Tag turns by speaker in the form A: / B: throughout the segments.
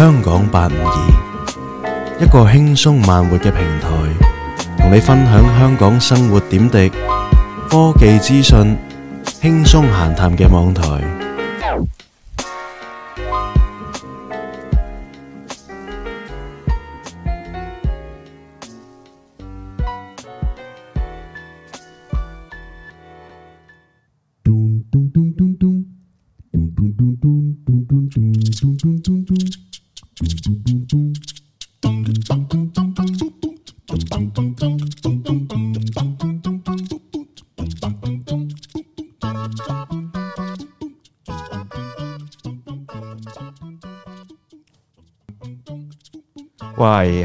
A: 香港八五二，一個輕鬆慢活嘅平台，同你分享香港生活點滴、科技資訊、輕鬆閒談嘅網台。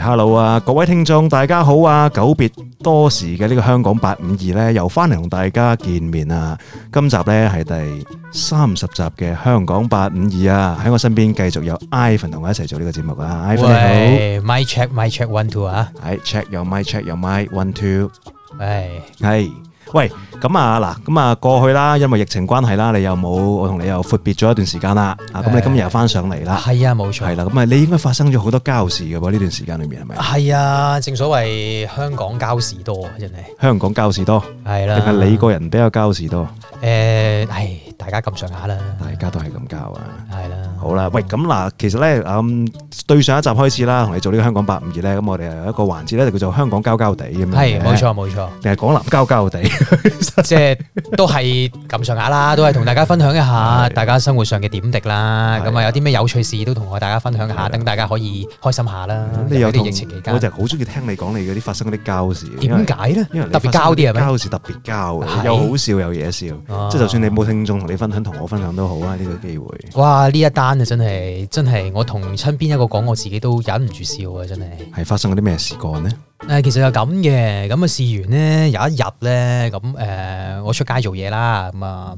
A: Hello 啊，各位聽眾，大家好啊！久別多時嘅呢個香港八五二咧，又翻嚟同大家見面啊！今集咧係第三十集嘅香港八五二啊！喺我身邊繼續有 Ivan 同我一齊做呢個節目啊！Ivan 喂你好，My check my check one two 啊，係 check 又 my check 又 my one two，係係。喂，咁啊嗱，咁啊過去啦，因為疫情關係啦，你又冇我同你又闊別咗一段時間啦，啊，咁你今日又翻上嚟啦，係啊，冇錯，係啦，咁啊，你應該發生咗好多膠事嘅喎，呢段時間裏面係咪？
B: 係啊，正所謂香港膠事多，人哋。
A: 香港膠事多，係啦，定係你個人比較膠事多？
B: 誒，係。大家咁上下啦，大家
A: 都係咁教啊，係啦，好啦，喂，咁嗱，其實咧，咁對上一集開始啦，同你做呢個香港八五二咧，咁我哋有一個環節咧，就叫做香港交交地咁樣，係，冇錯冇錯，定係講男交交地，
B: 即係都係咁上下啦，都係同大家分享一下大家生活上嘅點滴啦，咁啊有啲咩有趣事都同我大家分享下，等大家可以開心下啦。咁你有啲疫情期間，
A: 我就好中意聽你講你嗰啲發生嗰啲交事，點解咧？因為特別交啲係咩？交事特別交嘅，有好笑有嘢笑，即係就算你冇聽眾同你。分
B: 享同我分享都好啊！呢個機會，哇！呢一單啊，真係真係，我同身邊一個講，我自己都忍唔住笑啊！真係，係發生咗啲咩事過呢？誒、呃，其實就咁嘅，咁啊試完呢，有一日呢，咁誒、呃，我出街做嘢啦，咁啊，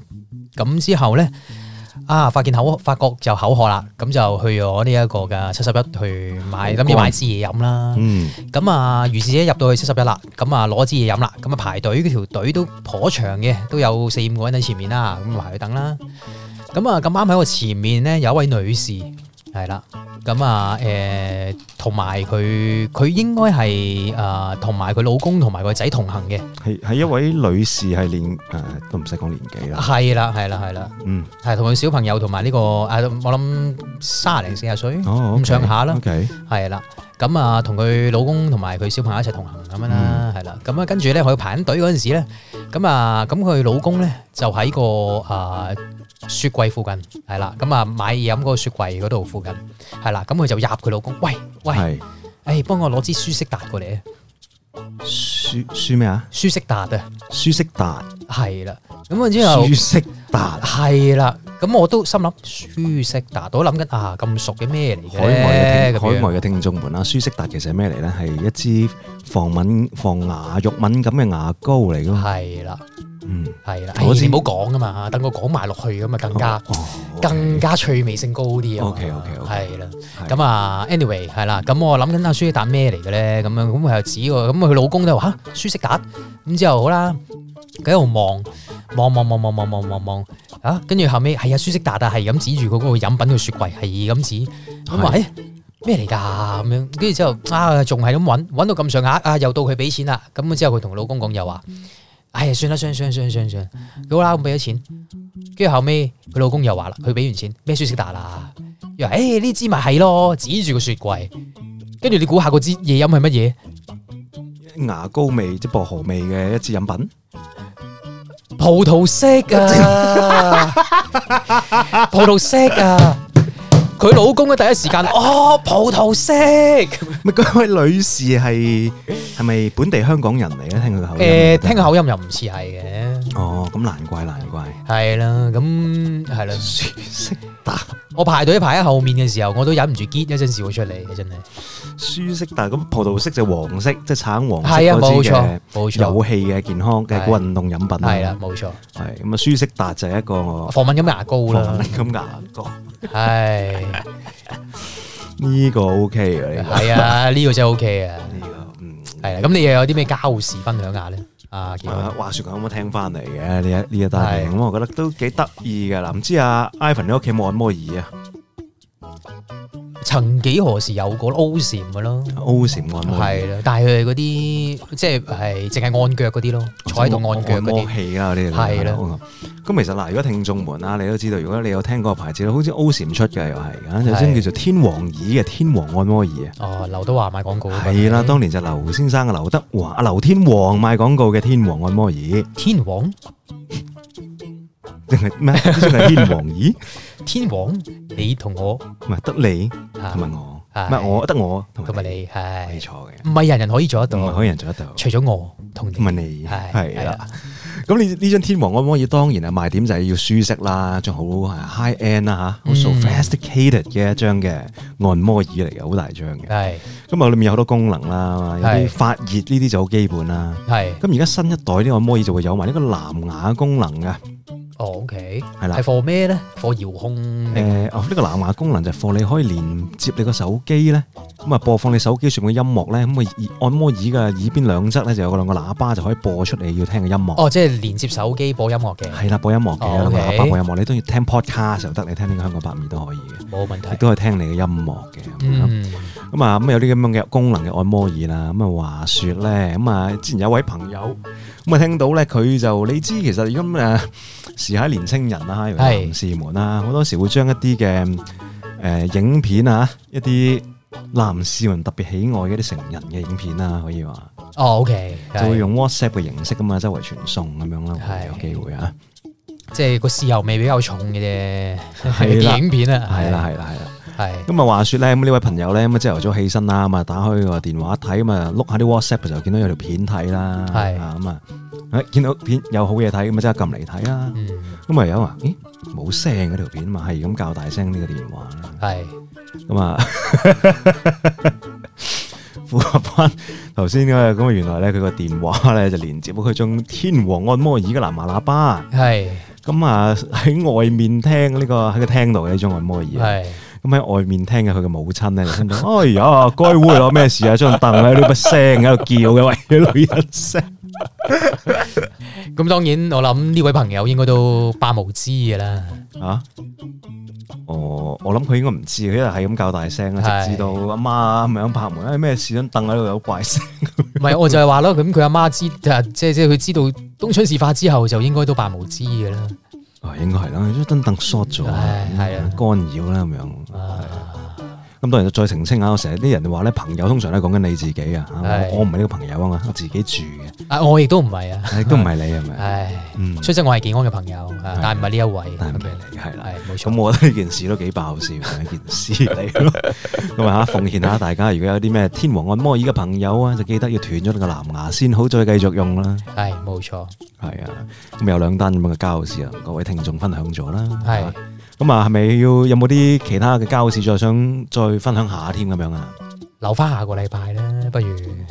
B: 咁之後呢？嗯嗯啊！發現口發覺就口渴啦，咁就去咗呢一個嘅七十一去買，諗住乖買支嘢飲啦。咁啊、嗯，於是者入到去七十一啦，咁啊攞支嘢飲啦，咁啊排隊嗰條隊都頗長嘅，都有四五個人喺前面啦，咁排佢等啦。咁啊咁啱喺我前面咧有一位女士。係啦，咁啊，誒，同埋佢，佢應該係誒，同埋佢老公同埋個仔同行嘅，
A: 係係一位女士，係年誒都唔使講年紀啦，係
B: 啦係啦係啦，嗯，係同佢小朋友，同埋呢個誒，我諗卅零四十歲，咁、哦、上下啦，OK，係啦。咁啊，同佢老公同埋佢小朋友一齊同行咁樣啦，係啦、嗯。咁啊，跟住咧，佢排緊隊嗰陣時咧，咁啊，咁佢老公咧就喺個啊、呃、雪櫃附近，係啦。咁啊，買嘢飲嗰個雪櫃嗰度附近，係啦。咁佢就入佢老公，喂喂，誒是、哎、幫我攞支舒適達過嚟。
A: 舒舒咩啊？舒
B: 適達啊！舒適達係啦，咁我之後舒適達係啦，咁我都心諗舒適達，我都諗緊啊，咁熟嘅咩嚟嘅？海外嘅樣海外嘅
A: 聽眾們啊，舒適達其實係咩嚟咧？係一支防敏防牙肉敏
B: 感嘅牙膏嚟噶係啦。嗯，係啦，好似唔好講㗎嘛，等佢講埋落去咁啊，更加更加趣味性高啲啊！OK OK OK，係啦，咁啊，Anyway 係啦，咁我諗緊阿舒適達咩嚟嘅咧？咁樣咁我又指我，咁佢老公都話舒適達，咁之後好啦，佢喺度望望望望望望望望，啊，跟住後尾係啊，舒適達但係咁指住佢嗰個飲品嘅雪櫃，係咁指，咁話咩嚟噶？咁樣，跟住之後啊，仲係咁搵，搵到咁上下啊，又到佢俾錢啦，咁之後佢同老公講又話。哎呀，算啦，算算算算算，好啦，咁俾咗錢，跟住後尾，佢老公又話啦，佢俾完錢咩舒適達啦？又話，誒，呢支咪係咯，指住個雪櫃，跟住你估下個支嘢飲係乜嘢？牙膏味，即薄荷
A: 味嘅一支飲品，
B: 葡萄色啊，
A: 葡萄色啊。 佢老公嘅第一時間哦，葡萄色。咪嗰位女士係係咪本地香港人嚟咧？聽佢
B: 口音。誒，聽口音又唔似係嘅。哦，咁難怪難怪。係啦，咁係啦。舒適達，我排隊排喺後面嘅時候，我都忍唔住結，一陣笑出嚟真係。
A: 舒適達咁葡萄色就黃色，即橙黃色。冇錯，冇錯。有氣嘅健康嘅運動飲品。係啦，冇錯。係咁啊，舒適達就係一個防敏咁牙膏啦，防敏咁
B: 牙膏。係呢唉個 OK 嘅，係啊，呢 個真係 OK 啊，嗯，係啊，咁你又有啲咩家務事分享下咧？啊，話
A: 說講有冇聽翻嚟嘅呢一呢一單，咁是我覺得都幾得意嘅啦。唔知阿、啊、Ivan 你屋企
B: 有冇按摩椅啊？曾幾何時有個 O 禪嘅咯，O 禪按摩，係啦，但係佢哋嗰啲即係係淨係按腳嗰啲咯，坐喺度按腳嗰
A: 啲，冇氣呢嗰啲，係啦。咁其實嗱，如果聽眾們啊，你都知道，如果你有聽過牌子好似 O 禪出嘅又係，首先叫做天王椅嘅天王按摩椅
B: 啊。哦，劉德華賣廣告
A: 係啦，當年就劉先生嘅劉德華，阿劉天王賣廣告嘅天王按摩椅。哦、天王咩？點解天王 天王椅？
B: 天王，你同我唔係得你同埋我，唔係我得我同埋你，係可以做嘅，唔係人人可以做得到，唔係可以人做得到。除咗我同
A: 唔係你，係，係啦。咁你呢張天王按摩椅，當然係賣點就係要舒適啦，仲好 high end 啦，吓好 sophisticated 嘅一張嘅按摩椅嚟嘅，好大張嘅。係咁啊，裏面有好多功能啦，有啲發熱呢啲就好基本啦。係咁，而家新一代啲按摩椅就會有埋呢個藍牙功能嘅。哦，OK，係啦，係放
B: 咩咧？放遙控誒，
A: 哦，呢個藍牙功能就放你可以連接你個手機咧，咁啊播放你手機上嘅音樂咧，咁啊按摩椅嘅耳邊兩側咧就有個兩個喇叭就可以播出你要聽嘅音樂。哦，
B: 即係連接手機播音樂嘅。係
A: 啦，播音樂嘅，兩個喇叭播音樂，你都要聽 podcast 就得，你聽呢個香講852都可以嘅，冇
B: 問題。
A: 亦都可以聽你嘅音樂嘅。
B: 嗯，
A: 咁啊咁有啲咁樣嘅功能嘅按摩椅啦，咁啊話說咧，咁啊之前有位朋友咁啊聽到咧，佢就你知其實而家誒。時下年青人啊，男士們啊，好是多時會將一啲嘅誒影片啊，一啲男士們特別喜愛嘅一啲成人嘅影片啊，可以話
B: 哦，OK，就會用
A: WhatsApp 嘅形式啊嘛，周圍傳送咁樣咯，okay、會有機會啊，
B: 即係個豉油味比較重嘅啫，係 的的影片啊，係啦，
A: 係啦，係啦。係咁啊！是話說咧，咁呢位朋友咧，咁啊朝頭早起身啦，咁啊打開個電話睇，咁啊碌下啲 WhatsApp 就見到有條片睇啦。係咁是啊，見到片有好嘢睇，咁即刻撳嚟睇啦。咁啊、嗯、有啊，咦，冇聲嗰條片嘛，係咁較大聲呢個電話。係咁啊，符合翻頭先嘅，咁原來咧，佢個電話咧就連接到佢種天王按摩椅嘅藍牙喇叭。係咁啊，喺、嗯、外面聽呢、這個喺個廳度嘅呢種按摩椅。係。咁喺、嗯、外面聽嘅佢嘅母親咧，哎呀，該會有咩事啊？張凳喺度不聲，喺度叫嘅，喂，喺度女人聲。
B: 咁當然，我諗呢位朋友應該都扮無知嘅啦。
A: 啊？哦，我諗佢應該唔知，佢係咁叫大聲啊，是直至到阿
B: 媽咁樣拍門，哎，咩事？張凳喺度有怪聲。唔係，我就係話咯，咁佢阿媽知，即係即係佢知道東窗事發之後，就應該都扮無知嘅啦。
A: 哦，應該係啦，張凳 short 咗，係、哎、啊，干擾啦咁樣。咁當然就再澄清下，我成日啲人就話咧，朋友通常都係講緊你自己啊，我我唔係呢個朋友啊嘛，我自己住
B: 嘅。啊，我亦都唔
A: 係啊，都唔係你係咪？唉，
B: 所以即我係健康嘅朋友，但係唔係呢一位。係啦，
A: 係冇錯。咁我覺得呢件事都幾爆笑嘅一件事嚟。咁啊吓，奉獻下大家，如果有啲咩天王按摩椅嘅朋友啊，就記得要斷咗個藍牙先，好再繼續用啦。
B: 係，冇錯。
A: 係啊，咁有兩單咁嘅交涉啊，各位聽眾分享咗啦。係。咁啊，係咪要有冇啲其他嘅交事再想再分享下添咁樣啊？留翻下個禮拜啦，不如。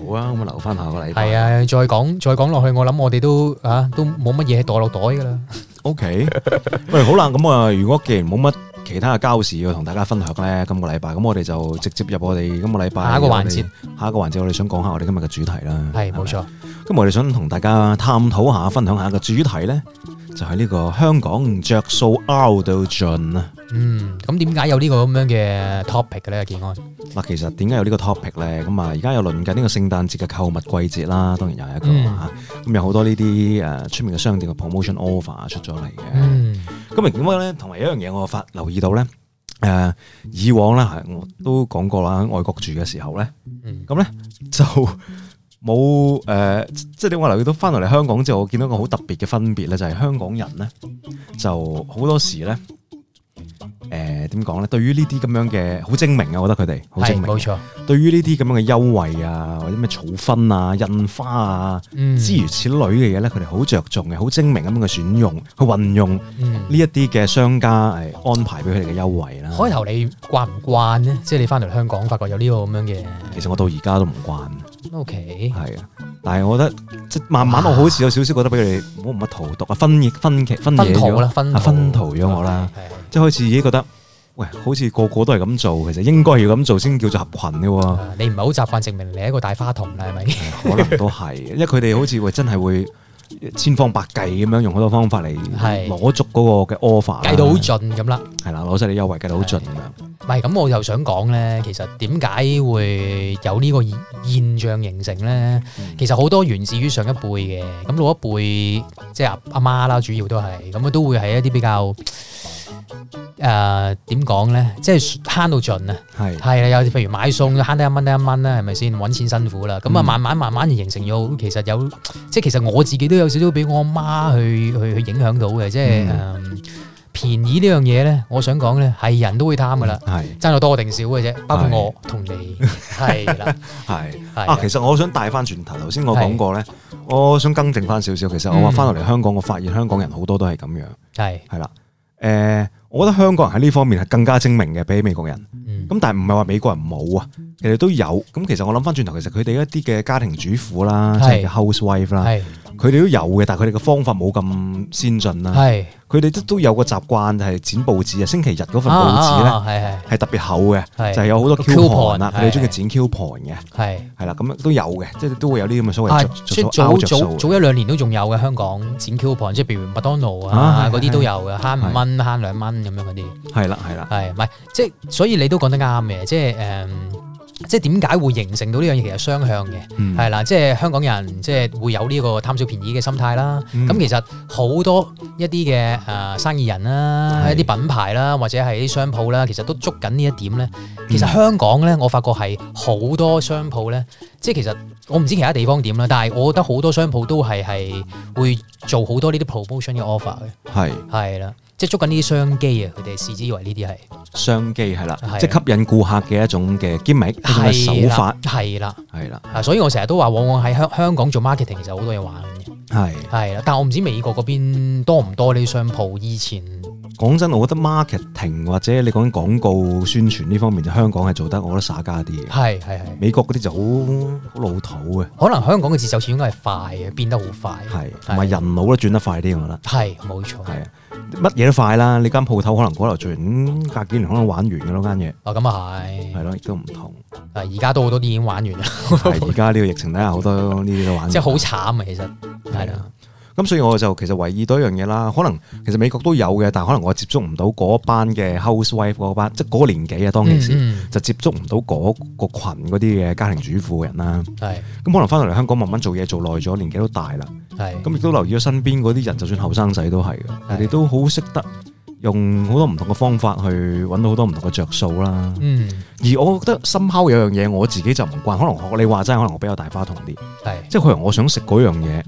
A: 好啊！咁留翻下個禮拜係啊，
B: 再講再講落去，我諗我哋都啊都冇乜嘢袋落袋噶啦。O Okay ? K， 喂，好啦，咁
A: 啊，如果既然冇乜其他嘅交事要同大家分享咧，今個禮拜咁我哋就直接入我哋今個禮拜下一個環節。下一個環節，我哋想講下我哋今日嘅主題啦。係，冇錯。咁我哋想同大家探討下，分享下個主題咧。就係呢個香港着數凹到盡啦。嗯，
B: 咁點解有個呢個咁樣嘅 topic 嘅咧？技安，
A: 嗱，其實點解有個呢個 topic 咧？咁啊，而家又輪緊呢個聖誕節嘅購物季節啦，當然又
B: 係一個、嗯、
A: 啊。咁有好多呢啲誒出面嘅商店嘅 promotion offer 出咗嚟嘅。咁而點解咧？同埋一樣嘢我發留意到咧。誒、啊，以往咧，我都講過啦，喺外國住嘅時候咧，咁咧、嗯、就。 冇誒、呃，即係你話留意到翻嚟香港之後，我見到一個好特別嘅分別咧，就係、是、香港人咧就好多時咧，誒點講咧？對於呢啲咁樣嘅好精明啊，我覺得佢哋好精明、係冇錯。對於呢啲咁樣嘅優惠啊，或者咩儲分啊、印花啊、嗯、之如此類嘅嘢咧，佢哋好着重嘅，好精明咁樣嘅選用去運用呢一啲嘅商家誒安排俾佢哋嘅優惠啦。
B: 開頭、嗯、你習習慣唔慣咧？即、就、係、是、你翻嚟香港發覺有呢個咁樣嘅，
A: 其實我到而家都唔慣。
B: O K，係啊，
A: 但係我覺得即係慢慢，啊、我好似有少少覺得俾佢哋好冇乜荼毒啊，分亦分其分嘢啦，分荼咗圖我啦，okay, okay。即係開始已經覺得，喂，好似個個都係咁做，其實應該要咁做先叫做合群嘅，啊啊。
B: 你唔係好習慣，證明你係一個大花童啦，係咪？可
A: 能都係， 因為佢哋好似會真係會。 千方百計咁樣用好多方法嚟，攞足嗰個嘅 offer，計到好
B: 盡咁啦，係啦，攞晒啲優惠計到好盡咁樣。唔係咁，我又想講咧，其實點解會有呢個現象形成咧？嗯、其實好多源自於上一輩嘅，咁老一輩即係阿阿媽啦，主要都係咁啊，都會係一啲比較。誒，點講咧？即係慳到盡啊！係係啦，有啲譬如買餸，慳得一蚊得一蚊啦，係咪先？搵錢辛苦啦，咁啊，慢慢慢慢形成咗。其實有即係，其實我自己都有少少俾我阿媽去去去影響到嘅。即係便宜呢樣嘢咧，我想講咧，係人都會貪噶啦，係爭到多定少嘅啫。包括我同你，係啦，系系。其
A: 實我想帶翻轉頭，頭先我講過咧，我想更正翻少少。其實我話翻落嚟香港，我發現香港人好多都係咁樣，系係啦。誒、呃，我覺得香港人喺呢方面係更加精明嘅，比美國人。咁但係唔係話美國人冇啊，其實都有。咁其實我諗翻轉頭，其實佢哋一啲嘅家庭主婦啦，即係 housewife 啦，佢哋都有嘅，但係佢哋嘅方法冇咁先進啦。佢哋都都有個習慣就係剪報紙啊，星期日嗰份報紙咧係特別厚嘅，就係有好多 coupon 啊，佢哋中意
B: 剪 coupon 嘅，係係啦，咁都有嘅，即係都會有啲咁嘅所謂着數啊。即係早早早一兩年都仲有嘅，香港剪 coupon，即係譬如麥當勞啊嗰啲都有嘅，慳五蚊慳兩蚊咁樣嗰啲。係啦係啦，係係即所以你都，都講得啱嘅，即係誒、嗯，即係點解會形成到呢樣嘢？其實雙向嘅，係啦、嗯，即係香港人即係會有呢個貪小便宜嘅心態啦。咁、嗯、其實好多一啲嘅誒生意人啦，是一啲品牌啦，或者係啲商鋪啦，其實都捉緊呢一點咧。嗯、其實香港咧，我發覺係好多商鋪咧，即係其實我唔知其他地方點啦，但係我覺得好多商鋪都係係會做好多呢啲 promotion 嘅 offer 嘅，係係啦。即係捉緊呢啲商機啊！佢哋視之以為呢啲係商機係啦，的即係吸
A: 引顧客嘅一種嘅 gimmick，一種嘅手法
B: 係啦，係啦。啊，的所以我成日都話，往往喺香香港做 marketing 其實好多嘢玩嘅，係係啦。但我唔知美國嗰邊多唔多呢啲商鋪，以前。
A: 講真，我覺得 marketing 或者你講廣告宣傳呢方面，就香港係做得，我覺得耍家啲係係係。美國嗰啲就好好老土嘅。
B: 可能香港嘅節奏似應該係快嘅，變得好快。係
A: 同埋人腦都轉得快啲，我覺得。係冇錯。係啊，乜嘢都快啦！你間鋪頭可能嗰嚟做完隔幾年可能玩完嘅咯間嘢。
B: 啊，咁啊係。係咯，亦都唔同。而家都好多啲已經玩完啦。
A: 而家呢個疫情底下好多呢啲都玩完。即係好
B: 慘啊！其實係啊。
A: 咁所以我就其實留意到一樣嘢啦，可能其實美國都有嘅，但係可能我接觸唔到嗰班嘅 housewife 嗰班，即係嗰年紀啊。當其時就接觸唔到嗰群嗰啲嘅家庭主婦人啦。咁的可能翻到嚟香港慢慢做嘢做耐咗，年紀都大啦。咁亦的都留意咗身邊嗰啲人，就算後生仔都係嘅，佢哋的都好識得用好多唔同嘅方法去揾到好多唔同嘅着數啦。的而我覺得深刻有樣嘢我自己就唔慣，可能你話齋可能我比較大花筒啲，的即係譬如我想食嗰樣嘢。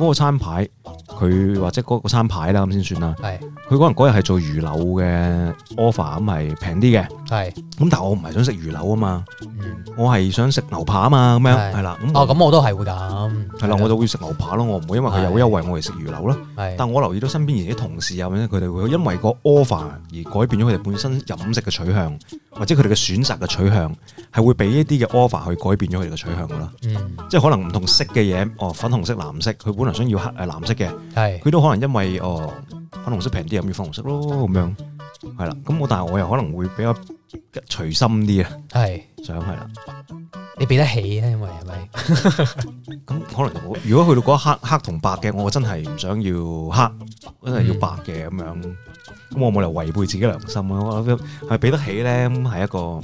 A: 嗰個餐牌，佢或者嗰個餐牌啦，咁先算啦。係是，佢可能嗰日係做魚柳嘅 offer 咁係平啲嘅。係，咁是但係我唔係想食魚柳啊嘛，嗯、我係想食牛扒啊嘛，咁樣係啦。是哦，咁我都係會咁。係啦的，我就會食牛扒咯，我唔會因為佢有優惠是我嚟食魚柳啦。是但我留意到身邊而啲同事啊，咁樣佢哋會因為個 offer 而改變咗佢哋本身飲食嘅取向。或者佢哋嘅選擇嘅取向係會俾一啲嘅 offer 去改變咗佢哋嘅取向㗎喇，嗯、即係可能唔同色嘅嘢，哦粉紅色、藍色，佢本來想要黑啊、呃、藍色嘅，佢都可能因為哦粉紅色平啲，咁要粉紅色咯咁樣，係啦。咁我但係我又可能會比較隨心啲啊，係的想係啦，
B: 你俾得起啊，因為係咪？咁
A: 可能如果去到嗰一刻，黑同白嘅，我真係唔想要黑，真係要白嘅咁、嗯、樣。咁我冇理由違背自己良心
B: 咯，我諗係俾得起咧，咁係一個，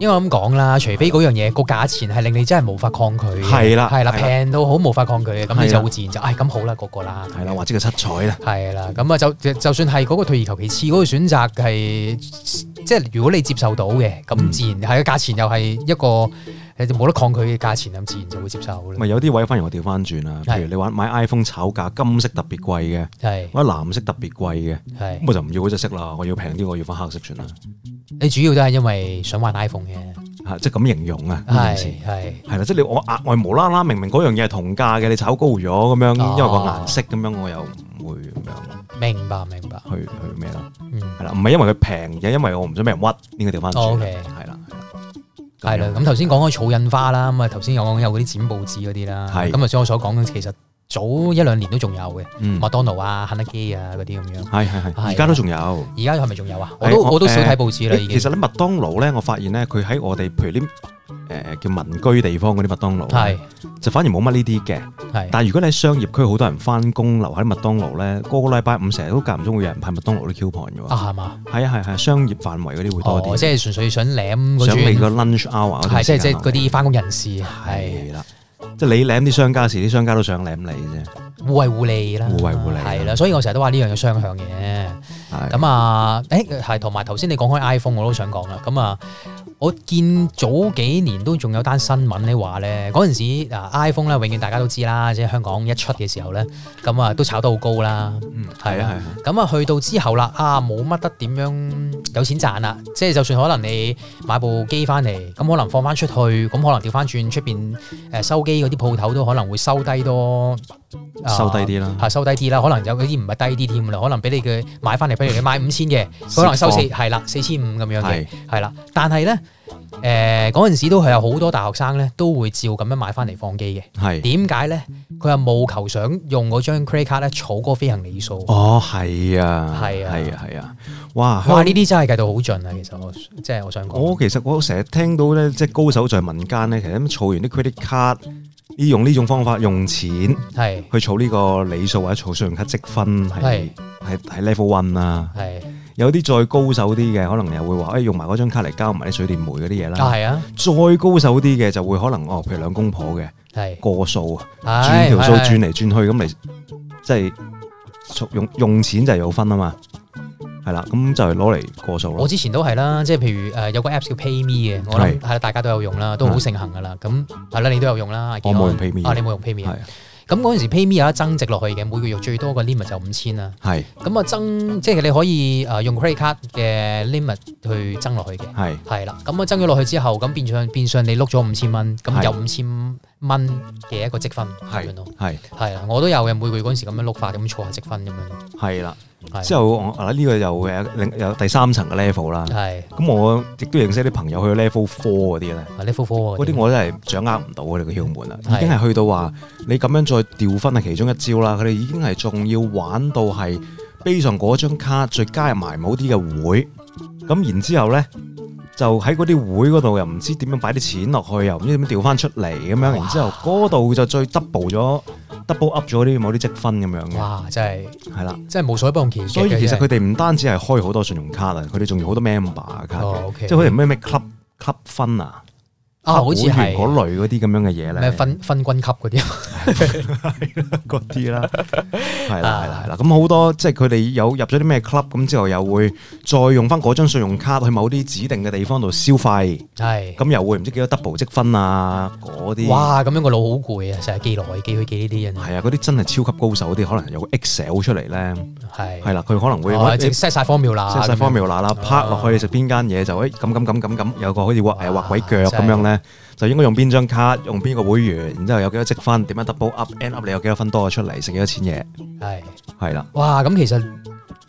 B: 因為我咁講啦，除非嗰樣嘢個價錢係令你真係無法抗拒，係啦的，係啦的，平到好無法抗拒嘅，咁的你就會自然就，唉、哎，咁好啦，嗰、那個啦，係啦，或者個七彩啦，係啦，咁啊就就算係嗰個退而求其次嗰個選擇係，即、就、係、是、如果你接受到嘅，咁自然係個價錢又係一個。冇得抗拒嘅價錢啊，自然就會接受。咪
A: 有啲位，反而我調翻轉啦。譬如你玩買 iPhone 炒價，金色特別貴
B: 嘅，或
A: 者藍色特別貴嘅，咁我就唔要嗰隻色啦。我要平啲，我要翻黑色算啦。
B: 你主要都係因為想玩 iPhone
A: 嘅，即係咁形容啊。係係係啦，即係你我額外無啦啦，明明嗰樣嘢係同價嘅，你炒高咗咁樣，因為個顏色咁樣，我又唔會
B: 咁樣。明白明白。
A: 去去咩啦？嗯，係啦，唔係因為佢平嘅，因為我唔想俾人屈。應該調翻轉。OK。係
B: 啦係啦。係啦，咁頭先講開草印花啦，咁啊頭先有講有啲剪報紙嗰啲啦，咁啊像我所講嘅其實。早一兩年都仲有嘅，麥當勞啊、肯德基啊嗰啲咁樣，
A: 係係係，而家都仲有。
B: 而家係咪仲有啊？我都我都少睇報紙啦。已經其實咧
A: 麥當勞咧，我發現咧佢喺我哋譬如啲誒叫民居地方嗰啲麥當勞，就反而冇乜呢啲嘅。係，但如果你喺商業區，好多人翻工留喺麥當勞咧，個個禮拜五成日都間唔中會有人派麥當勞啲 coupon 嘅喎。啊係嘛？係啊係係，商業範圍嗰啲會多啲。即係
B: 純粹想攬，想俾個
A: lunch hour。係即即嗰
B: 啲翻工人士係啦。
A: 即係你舐啲商家時，啲商家都想舐你
B: 嘅啫，互惠互利啦，互惠互利係啦，所以我成日都話呢樣嘢雙向嘅。咁啊，誒、欸、係，同埋頭先你講開 iPhone，我都想講啦。咁啊。我見早幾年都仲有單新聞你話咧，嗰陣時嗱 iPhone 咧，永遠大家都知啦，即係香港一出嘅時候咧，咁啊都炒得好高啦。嗯，係啦的，係。咁啊去到之後啦，啊冇乜得點樣有錢賺啦。即係就算可能你買部機翻嚟，咁可能放翻出去，咁可能掉翻轉出邊誒收機嗰啲鋪頭都可能會收低多。收低啲啦、啊。收低啲啦，可能有嗰啲唔係低啲添啦，可能俾你嘅買翻嚟，比如你買五千嘅， 四可能收四係啦，四千五咁樣嘅，係啦的，但係咧。誒，嗰陣時都係有好多大學生咧，都會照咁樣買翻嚟放機嘅。係，點解咧？佢係務求想用嗰張 credit card，咧，儲嗰個飛行里數。
A: 哦，係啊，係啊，係啊，係啊，哇！哇，呢啲
B: 真係計到好盡啊，其實我即係我想
A: 講。我其實我成日聽到咧，即係高手在民間咧，其實咁儲完啲 credit card，要用呢種方法用錢係去儲呢個里數或者儲信用卡積分，係係係 level one 啊，係。有啲再高手啲嘅，可能又會話，誒、欸、用埋嗰張卡嚟交埋啲水電煤嗰啲嘢啦。啊，係啊！再高手啲嘅就會可能，哦，譬如兩公婆嘅，係係過數啊，轉條數、啊、轉嚟轉去咁嚟、啊，即係用用用錢就有分啊嘛。係啦、啊，咁就係攞嚟過數咯。我
B: 之前都係啦，即係譬如誒有個 Apps 叫 PayMe 嘅，我諗大家都有用啦，都好盛行噶啦。咁係啦，你都有用啦。我冇用 PayMe、哦、你冇用 PayMe 啊。咁嗰陣時 PayMe 有一增值落去嘅，每個月最多個 limit 就五千啦。係是，咁啊增，即係你可以誒用 credit card 嘅 limit 去增落去嘅。係是，係啦，咁啊增咗落去之後，咁變相變相你碌咗五千蚊，咁有五千。蚊嘅一個積分咁樣咯，係係啊，我都有嘅，每個月嗰陣時咁樣碌法，咁樣儲下積分咁樣。
A: 係啦的，的之後我呢、呢個又係有第三層嘅 level 啦。係的。咁我亦都認識啲朋友去 level four 嗰啲咧。
B: level four 嗰啲，
A: 我真係掌握唔到啊！呢個竅門啊，已經係去到話你咁樣再調分係其中一招啦。佢哋已經係仲要玩到係 base 上嗰張卡再加入埋某啲嘅會，咁然之後咧。就喺嗰啲會嗰度又唔知點樣擺啲錢落去，又唔知點樣調翻出嚟咁樣，哇然之後嗰度就再 double 咗、double up 咗啲某啲積分咁樣嘅。哇！真係係啦，
B: 即係了無所不用其極。所以其實佢哋
A: 唔單止係開好多信用卡啦，佢哋仲有好多 member 卡，哦、okay, 即係好似咩咩 club club 分啊。啊，好似係嗰類嗰啲咁樣嘅嘢咧，
B: 分分軍級嗰啲，嗰啲啦，係
A: 啦係啦係啦，咁好多即係佢哋有入咗啲咩 club，咁之後又會再用翻嗰張信用卡去某啲指定嘅地方度消費，係，咁又會唔知幾多 double 積分啊，嗰啲，哇，
B: 咁樣個腦好攰啊，成日記來記去記呢啲嘢，係
A: 啊，嗰啲真係超級高手啲，可能有個 Excel 出嚟咧，係，係啦，佢可能會，哇，你 set 晒
B: formula 啦，set 晒 formula
A: 啦啦，part 落去食邊間嘢就誒，咁咁咁咁咁，有個好似畫誒畫鬼腳咁樣咧。就應該用邊張卡，用邊個會員，然之後有幾多積分，點樣 double up and up，你有幾多分多咗出嚟，剩幾多錢嘢？係係啦，
B: 了哇！咁、嗯、其實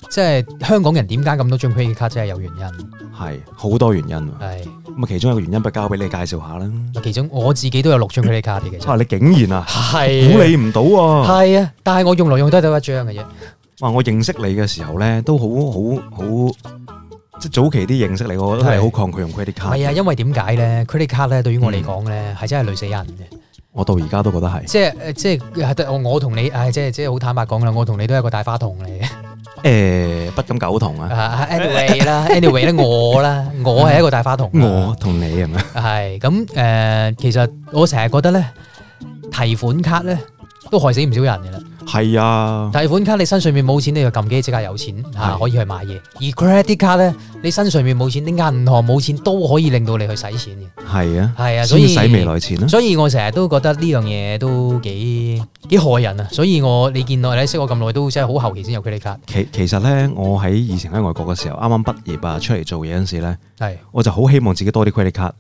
B: 即係香港人點解咁多張 credit 卡，真係有原因。
A: 係好多原因。係咁啊，其中一個原因，不如交俾你介紹下啦。咁其中我自己都有六張 credit 卡嘅。你竟然啊，係估你唔到啊？係啊，
B: 啊，但係我用嚟用去都係得得一張嘅啫。
A: 哇！我認識你嘅時候咧，都好好好。即係早期啲認識嚟，我覺得你好抗拒用 credit card。係啊，
B: 因為點解咧？credit card 咧對於我嚟講咧，係、嗯、真係累死人嘅。
A: 我到而家都覺得係。即
B: 係即係，我同你，即係即係好坦白講啦，我同你都係一個大花筒嚟
A: 嘅。誒、欸，不敢苟同啊。
B: anyway 啦，anyway 咧、anyway， anyway, 我啦，我係一個大花筒。
A: 我同你係咪、啊？
B: 係咁誒，其實我成日覺得咧，提款卡咧都害死唔少人嘅啦。係啊，提款卡你身上面冇錢，你就撳機即刻有錢吓、啊啊，可以去買嘢。而 credit 卡咧，你身上面冇錢，點解銀行冇錢都可以令到你去使錢嘅。係
A: 啊，係啊，所以使未來錢啦。所
B: 以我成日都覺得呢樣嘢都幾幾害人啊！所以我你見到你識我咁耐都真係好後期先有 credit card。
A: 其其實咧，我喺以前喺外國嘅時候，啱啱畢業啊，出嚟做嘢嗰陣時咧，係我就好希望自己多啲 credit card。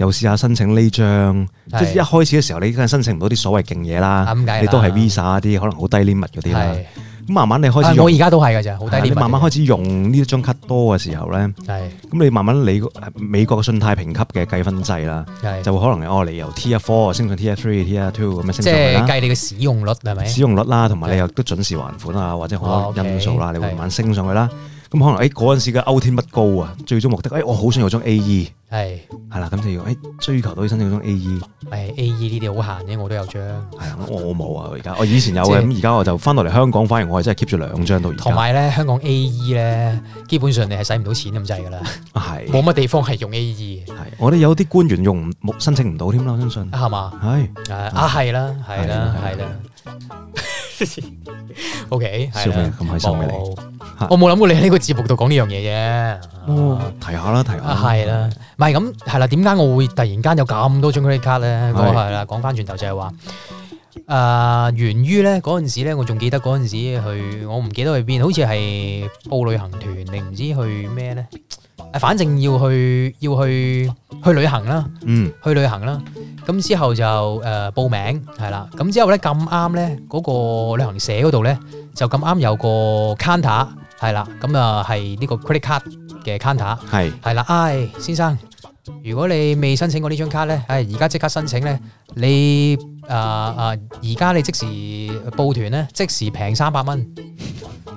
A: 又試下申請呢張，是即係一開始嘅時候，你梗係申請唔到啲所謂勁嘢啦。你都係 Visa 啲可能好低 limit 嗰啲啦。咁是慢慢你開始用、啊，我而家都係嘅啫，好低 limit。你慢慢開始用呢張卡多嘅時候咧，咁是你慢慢你美國嘅信貸評級嘅計分制啦，是就會可能哦由 Tier Four 升上 Tier Three、Tier Two 咁樣升上去啦。計
B: 你嘅使用率係咪？使用
A: 率啦，同埋你又都準時還款啊，或者好多因素啦，哦、okay，你會慢慢升上去啦。咁可能誒嗰陣時嘅歐天不高啊，最終目的誒我好想有張 A E 係係啦，咁就要誒追求到申請嗰張 A E 係
B: A E 呢啲好閒嘅，我都有張係啊，我冇啊，而家我以前有嘅。咁而
A: 家我就翻到嚟香港，反而我係真係 keep 住兩張到而家。同埋
B: 咧香港 A E 咧，基本上你係使唔到錢咁滯噶啦，係冇乜地方係用 A E。
A: 係我哋有啲官員用唔申請唔到添啦，我相信係嘛？係
B: 誒啊，係啦係啦係啦。O K 係啦，咁開心送俾你。我冇諗過你喺呢個節目度講呢樣嘢嘅，提下
A: 啦，提下。係啦，
B: 唔係咁係啦。點解我會突然間有咁多張 credit card 咧？係啦，講翻轉頭就係話，誒源於咧嗰陣時咧，我仲記得嗰陣時去，我唔記得去邊，好似係報旅行團定唔知去咩咧？誒，反正要去要去去旅行啦，嗯，去旅行啦。咁之後就誒報名係啦。咁之後咧咁啱咧，嗰個旅行社嗰度咧就咁啱有個 counter。係啦，咁啊係呢個 credit card 嘅 counter，係是，係啦，哎，先生，如果你未申請過呢張卡咧，誒而家即刻申請咧，你啊啊而家你即時報團咧，即時平三百蚊，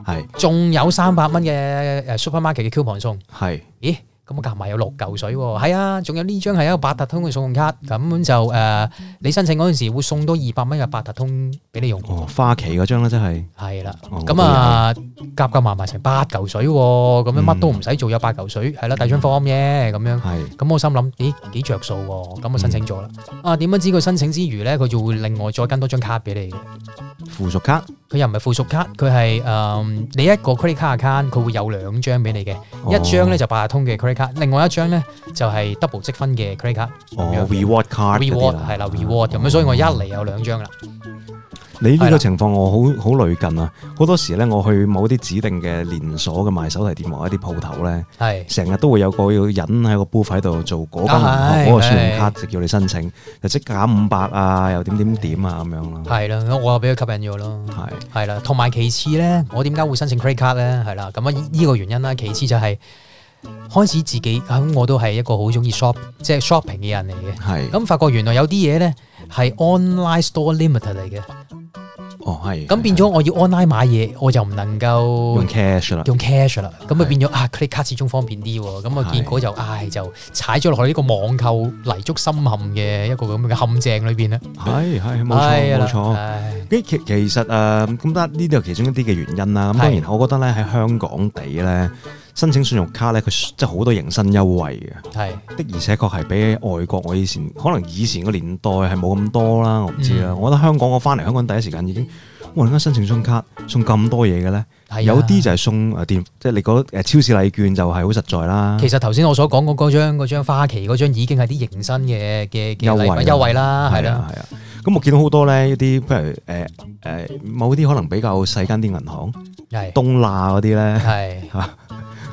B: 係是，仲有三百蚊嘅誒 supermarket 嘅 coupon 送，係是，咦？咁夾埋有六嚿水喎，係啊，仲有呢張係一個八達通嘅信用卡，咁就誒、呃，你申請嗰陣時會送多二百蚊嘅八達通俾你用，哦、花旗嗰張咧真係，係啦，咁啊，夾夾埋埋成八嚿水喎，咁、嗯、樣乜都唔使做，有八嚿水，係啦，第二張 form 啫，咁樣，係的，咁、嗯、我心諗，咦，幾着數喎，咁我申請咗啦，嗯、啊，點樣知佢申請之餘咧，佢就會另外再跟多張卡俾你嘅，
A: 附屬卡，
B: 佢又唔係附屬卡，佢係誒，你一個 credit card account，佢會有兩張俾你嘅，一張咧就八達通嘅 credit。另外一張咧就係 double 積分嘅 credit card 哦
A: reward card
B: 係啦 reward 咁，所以我一嚟有兩張啦。
A: 你呢個情況我好好累近啊！好多時咧我去某啲指定嘅連鎖嘅賣手提電話一啲鋪頭咧，係成日都會有個要人喺個 buff 喺度做嗰間銀行嗰個信用卡就叫你申請，又即減五百啊，又點點點啊咁樣
B: 咯。係啦，我又俾佢吸引咗咯。係係啦，同埋其次咧，我點解會申請 credit card 咧？係啦，咁啊呢個原因啦，其次就係。開始自己我都係一個好中意 shop，即係 shopping 嘅人嚟嘅。係咁發覺原來有啲嘢咧係 online store limited 嚟嘅。哦，係。咁變咗我要 online 買嘢，我就唔能夠用
A: cash 啦，用
B: cash 啦。咁啊是變咗啊，credit card 始終方便啲。咁啊結果就唉是、哎、就踩咗落去呢個網購泥足深陷嘅一個咁嘅陷阱裏邊啦。係係冇錯冇
A: 錯。誒其其實啊，咁得呢度其中一啲嘅原因啦。咁當然我覺得咧喺香港地咧，申請信用卡咧，佢即係好多迎新優惠嘅，的而且確係比起外國我以前可能以前個年代係冇咁多啦，我唔知啦。我覺得香港我翻嚟香港第一時間已經，
B: 我點解申請信用卡送咁多嘢嘅咧？
A: 有啲就係送誒電，即係你嗰誒超市禮券就係好實在啦。其實頭先我
B: 所講嗰嗰張花旗嗰張已經係啲迎新嘅嘅優惠優惠啦，係啦，啊。
A: 咁我見到好多咧一啲譬如誒誒某啲可能比較細間啲銀行，東亞嗰啲咧，係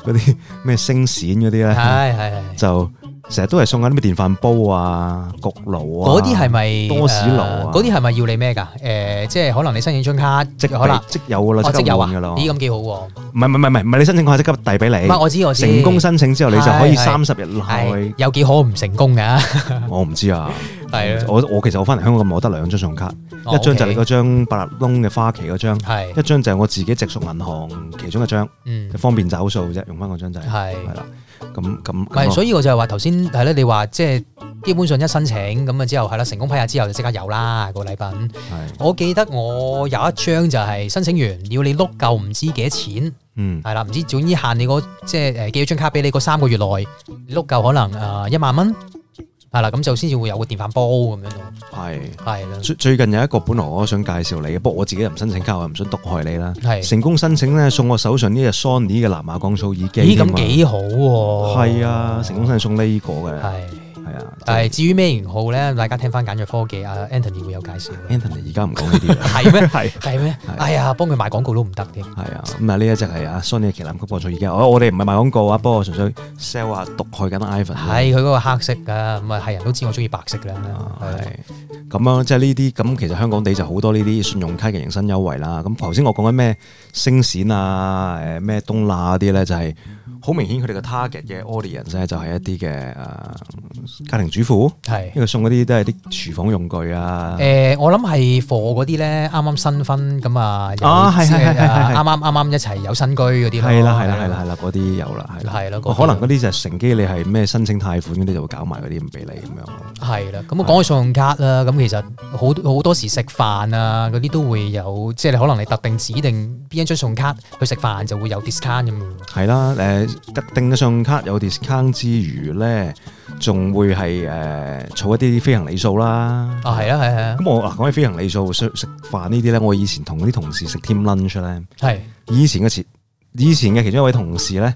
A: 嗰啲咩星閃嗰啲咧，就。成日都係送緊啲咩電飯煲啊、焗爐啊，嗰啲係咪多士爐？嗰
B: 啲係咪要你咩噶？誒，即係可能你申請張卡，即係可能即有噶啦，即有啊？咦，咁幾好喎！
A: 唔係唔係唔係，你申請即刻遞俾你。我知成功申請之後，你就可以三十日內。有幾可唔成功嘅？我唔知啊。我其實我翻嚟香港咁，我得兩張信用卡，一張就係你嗰張百立窿嘅花旗嗰張，一張就係我自己直屬銀行其中一張，方便找數啫，用
B: 翻嗰張就係，啦。
A: 咁咁，唔係，所以我
B: 就係話頭先係啦，你話即係基本上一申請咁啊之後係啦，成功批下之後就即刻有啦、個禮品。係，我記得我有一張就係申請完要你碌夠唔知幾多錢，嗯，係啦，唔知總之限你個即係誒寄張卡俾你嗰三個月內碌夠，可能誒一萬蚊。呃係啦，咁就先至會有個電飯煲咁樣咯。係係啦，
A: 最的最近有一個本來我都想介紹你嘅，不過我自己又唔申請卡，我又唔想毒害你啦。係的成功申請咧，送我手上呢隻 Sony 嘅藍牙降噪耳機。咦，咁幾好
B: 喎！係啊，成功
A: 申請送呢個嘅。
B: 係啊，但、就、係、是、至於咩型號咧，大家聽翻簡約科技啊，Anthony 會有介紹 嗎。Anthony 而家唔講呢啲啦，係咩？係係咩？哎呀，幫佢賣廣告都唔得添。係
A: 啊，唔係呢一隻係啊，Sony 嘅旗艦曲播咗，而家我哋唔係賣廣告啊，啊告不過純粹 sell 下毒，啊。害緊 Ivan。係
B: 佢嗰個黑色噶，咁啊係人都知我中意白色噶啦。
A: 咁樣，即係呢啲咁，其實香港地就好多呢啲信用卡嘅迎新優惠啦。咁頭先我講緊咩星閃啊，誒咩東亞嗰啲咧，就係、是。
B: 好明顯佢哋嘅 target 嘅 audience
A: 就係一啲嘅家庭主婦，係因為送嗰啲都係啲廚房用具啊。誒，
B: 我諗係貨嗰啲咧，啱啱新婚咁啊，啱啱啱啱一齊有新居嗰啲啦。係啦，係啦，係啦，係
A: 啦，嗰啲有啦，係
B: 啦，係咯。可能嗰
A: 啲就乘機你係咩申請貸款嗰啲就會搞埋嗰啲唔畀你咁樣
B: 咯。係啦，咁我講開信用卡啦，咁其實好好多時食飯啊嗰啲都會有，即係你可能你特定指定邊張信用卡去食飯就會有 discount 咁樣。
A: 係啦，誒。特定嘅信用卡有 discount 之餘咧，仲會係誒儲一啲飛行里數啦。啊，係啊，係啊。咁我嗱講起飛行里數食食飯呢啲咧，我以前同啲同事食 team lunch 咧，係是以前嘅前，以前嘅其中一位同事咧。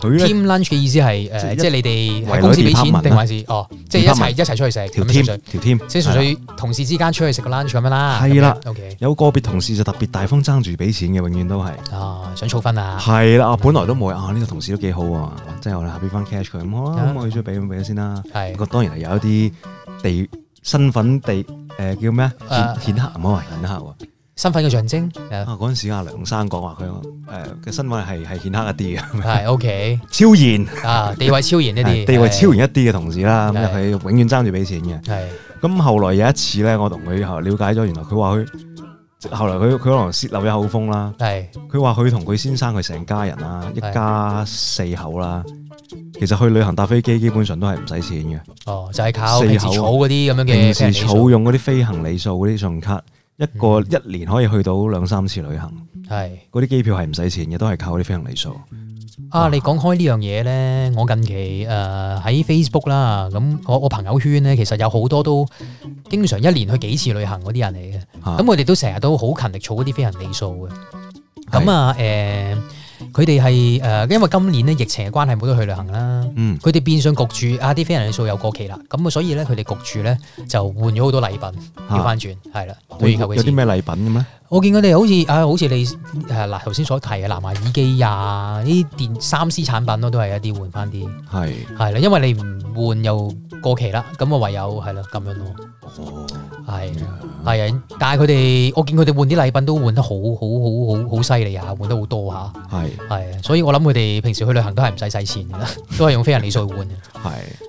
A: team lunch 嘅意思係誒，即係你哋公司俾錢定還是哦，即係一齊一齊出去食，咁純粹，純粹
B: 同事之間出去食個 lunch 咁樣啦。係啦，OK。
A: 有個別同事就特別大方，爭住俾錢嘅，永遠都係啊，想儲分啊。係啦，本來都冇啊，呢個同事都幾好，即係我哋啦，俾翻 cash 佢咁好啦，咁我再俾咁俾咗先啦。不過當然係有一啲地身份地誒，叫咩啊？顯赫，唔好話顯赫身份嘅象徵嗰陣時阿梁生講話佢誒嘅身份係係顯赫一啲嘅係 OK 超然啊
B: 地位超然一啲地位超然
A: 一啲嘅同事啦咁又係永遠爭住俾錢嘅係咁後來有一次咧我同佢了解咗，原來佢話佢後來佢佢可能泄漏一口風啦係佢話佢同佢先生佢成家人啦一家四口啦，其實去旅行搭飛機基本上都係唔使錢嘅哦
B: 就係靠平時儲嗰啲咁樣嘅平時儲
A: 用嗰啲飛行里數嗰啲信用卡。一個、嗯、一年可以去到兩三次旅行，係嗰啲機票係唔使錢嘅，都係靠啲飛行里數。
B: 啊，哇你講開呢樣嘢咧，我近期誒喺 Facebook 啦，咁、呃、我我朋友圈咧，其實有好多都經常一年去幾次旅行嗰啲人嚟嘅，咁我哋都成日都好勤力儲嗰啲飛行里數嘅。咁啊，誒是。呃佢哋係誒，因為今年咧疫情嘅關係冇得去旅行啦。嗯，佢哋變相焗住啊，啲飛人嘅數又過期啦。咁啊，所以咧佢哋焗住咧就換咗好多禮品，調翻、啊、轉係啦。有啲咩
A: 禮品嘅咩？
B: 我見佢哋好似啊，好似你誒嗱，頭先所提嘅藍牙耳機啊，呢啲電三 C 產品咯，都係一啲換翻啲。係係啦，因為你唔換又過期啦，咁啊唯有係啦咁樣咯。哦，係係啊，但係佢哋我見佢哋換啲禮品都換得好好好好好犀利啊，換得好多吓。係係啊，所以我諗佢哋平時去旅行都係唔使使錢嘅，都係用飛行里數換
A: 嘅。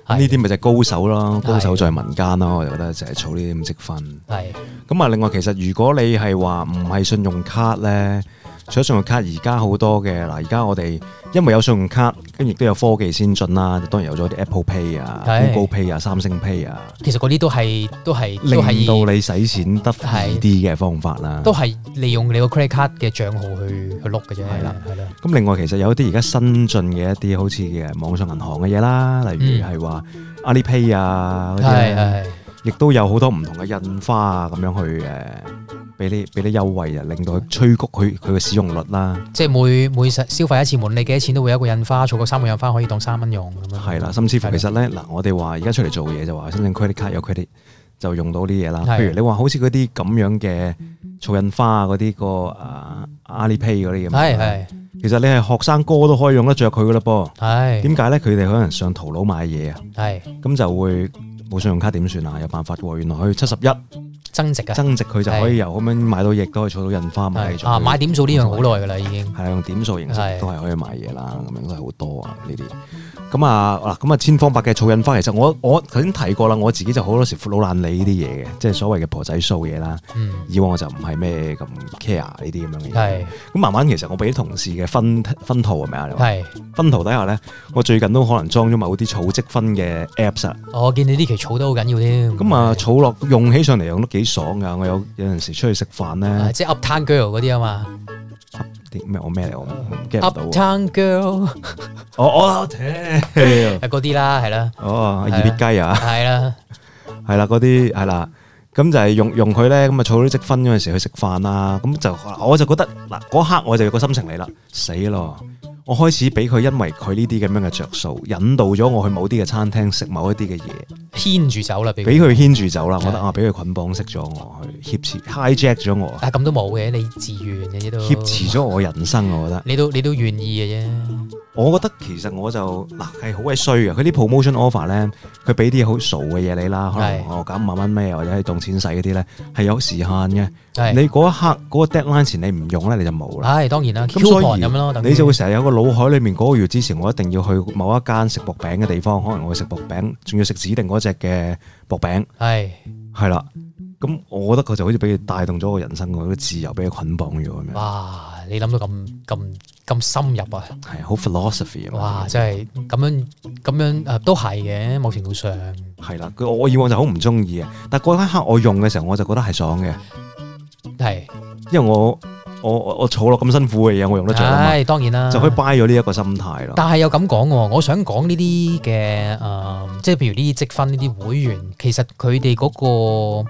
A: 係呢啲咪就係高手咯，高手在民間咯，我就覺得就係儲呢啲咁積分。係咁啊，另外其實如果你係話。唔係信用卡咧，除咗信用卡，而家好多嘅嗱，而家我哋因為有信用卡，跟住亦都有科技先進啦，當然有咗啲 Apple Pay 啊的、Google Pay 啊、三星 Pay 啊，
B: 其實嗰啲都係都係令到
A: 你使錢得快啲嘅方法啦，都係
B: 利用你個 Credit Card 嘅賬號去去碌嘅啫，係啦係啦。
A: 咁的的另外，其實有一啲而家新進嘅一啲好似嘅網上銀行嘅嘢啦，例如係話 Alipay 啊，係係，亦都有好多唔同嘅印花啊，咁樣去誒。俾你俾啲優惠啊，令到佢催谷佢佢嘅使用率啦。
B: 即係每每消費一次門，無論你幾多錢，都會有一個印花，儲個三個印花可以當三蚊用咁
A: 樣。係啦，甚至乎其實咧嗱是的，我哋話而家出嚟做嘢就話，申請 credit card 有 credit 就用到啲嘢啦。是的 譬如你話好似嗰啲咁樣嘅儲印花啊，嗰啲個啊阿里 pay 嗰啲咁。係其實你係學生哥都可以用得着佢噶啦噃。
B: 係點解
A: 咧？佢哋可能上淘寶買嘢啊。係咁是的 就會。冇信用卡點算啊？有辦法喎！原來佢七十一增值啊。增值，佢就可以由咁樣買到嘢，的都可以儲到印花買啊！買點數呢樣好耐㗎啦，已經係啦，用點數形式都係可以買嘢啦，咁樣的都係好多啊呢啲。咁啊，嗱，咁啊，千方百計儲印花。其實我我頭先提過啦，我自己就好多時老懶理呢啲嘢嘅，即係所謂嘅婆仔掃嘢啦。嗯、以往我就唔係咩咁 care 呢啲
B: 咁樣嘅嘢。咁
A: 是 慢慢其實我俾同事嘅分分圖係咪啊？是 分套底下咧，我最近都可能裝咗某啲儲積分嘅 Apps、哦。
B: 我見你呢期儲儲得好緊要添。
A: 咁啊，儲落用起上嚟用，用得幾爽㗎！我有有陣時出去食飯咧，
B: 即係 Uptown Girl 嗰啲啊嘛。咩我咩嚟？我 get 唔到。Uptown Girl，我我好聽。係嗰啲啦，係、OK、啦。 section，哦，啊、二啲雞啊，係 啦，
A: 係啦，嗰啲係啦。咁就係用用佢咧，咁啊儲啲積分嗰陣時去食飯啦。咁就我就覺得嗱，嗰刻我就有個心情嚟啦，死咯。我開始俾佢，因為佢呢啲咁樣嘅着數，引導咗我去某啲嘅餐廳食某一啲嘅嘢，
B: 牽住走啦，俾佢
A: 牽住走啦，的我覺得啊，俾佢捆綁式咗我，去挾持、hijack 咗我。
B: 啊，咁都冇嘅，你自願嘅啫都。挾持
A: 咗我人生，我覺得。
B: 你都你都願意嘅啫。
A: 我覺得其實我就嗱係好鬼衰啊。佢啲 promotion offer 咧，佢俾啲好傻嘅嘢你啦，的可能我搞五萬蚊咩，或者係當錢使嗰啲咧，係有時限嘅。的你嗰一刻嗰個 deadline 前你唔用咧，你就冇啦。
B: 係，當然啦，coupon 咁咯。咁所以你就會
A: 成日有個腦海裡面嗰個月之前，我一定要去某一間食薄餅嘅地方，可能我會食薄餅，仲要食指定嗰隻嘅薄餅。係係啦，咁我覺得佢就好似俾佢帶動咗我人生個自由，俾佢捆
B: 綁咗。哇！你諗到咁咁～咁深入啊，係
A: 好 philosophy 啊，哇，
B: 真係咁樣咁樣誒，都係嘅，某程度上係啦。
A: 我以往就好唔中意啊，但係嗰一刻我用嘅時候，我就覺得係爽嘅，係是，因為我我我，我坐落咁辛苦嘅嘢，我用得著啦。哎、樣當然啦，就可以買咗呢一個心態咯。但
B: 係又咁講喎，我想講呢啲嘅誒，即係譬如呢啲積分呢啲會員，其實佢哋嗰個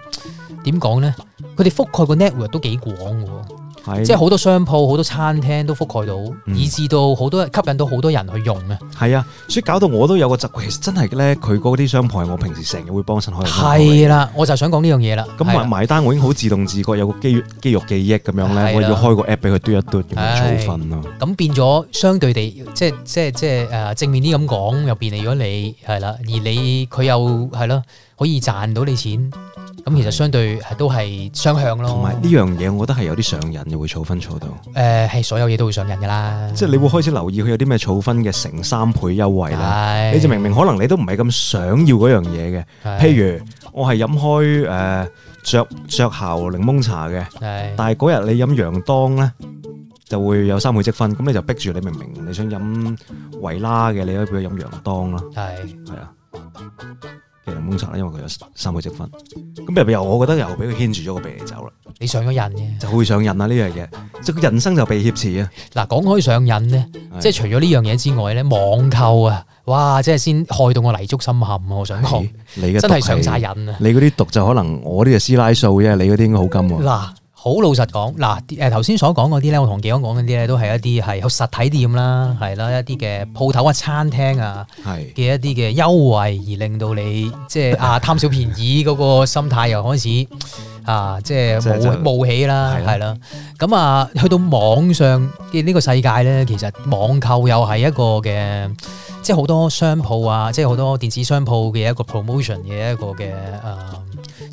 B: 點講咧，佢哋覆蓋個 network 都幾廣嘅喎。即係好多商鋪、好多餐廳都覆蓋到，以致到好多吸引到好多人去用啊。
A: 係、嗯、啊，所以搞到我都有個習慣，其實真係咧，佢嗰啲商鋪係我平時成日會幫襯開。係啦，
B: 我就想講呢樣嘢啦。咁埋埋
A: 單我已經好自動自覺，有個肌肌肉記憶咁樣咧，的我要開個 app 俾佢嘟一嘟，咁要儲分啊。
B: 咁變咗相對地，即係即係即係誒、呃，正面啲咁講又便利，咗你係啦，而你佢又係咯，可以賺到你錢。咁其實相對係都係雙向咯。同埋呢
A: 樣嘢，我覺得係有啲上癮，又會儲分儲到。
B: 誒、呃，係所有嘢都會上癮㗎啦。
A: 即係你會開始留意佢有啲咩儲分嘅成三倍優惠咧。的你就明明可能你都唔係咁想要嗰樣嘢嘅。的譬如我係飲開誒、呃、雀雀巢檸檬茶嘅，的但係嗰日你飲羊當咧就會有三倍積分，咁你就逼住你明明你想飲維拉嘅，你可以俾佢飲羊當啦。係係啊。的檸檬茶，因為佢有三個積分，咁又又我覺得又俾佢牽住咗個鼻走啦。你上咗癮嘅，就會上癮啦呢
B: 樣嘢，即係人生就被挾持啊！嗱，講開上癮呢，的即係除咗呢樣嘢之外咧，網購啊，哇！即係先害到我泥足深陷啊！的我想講，你真係上晒癮啊！你
A: 嗰啲毒就可能我呢個師奶數啫，你嗰啲應該好金喎、啊。
B: 嗱。好老實講，嗱誒頭先所講嗰啲咧，我同技安講嗰啲咧，都係一啲係有實體店啦，係啦，一啲嘅鋪頭啊、餐廳啊嘅的一啲嘅優惠，而令到你即係啊貪小便宜嗰個心態又開始啊即係冒冒起啦，係啦。咁的啊，去到網上嘅呢個世界咧，其實網購又係一個嘅，即係好多商鋪啊，即係好多電子商鋪嘅一個 promotion 嘅一個嘅誒。啊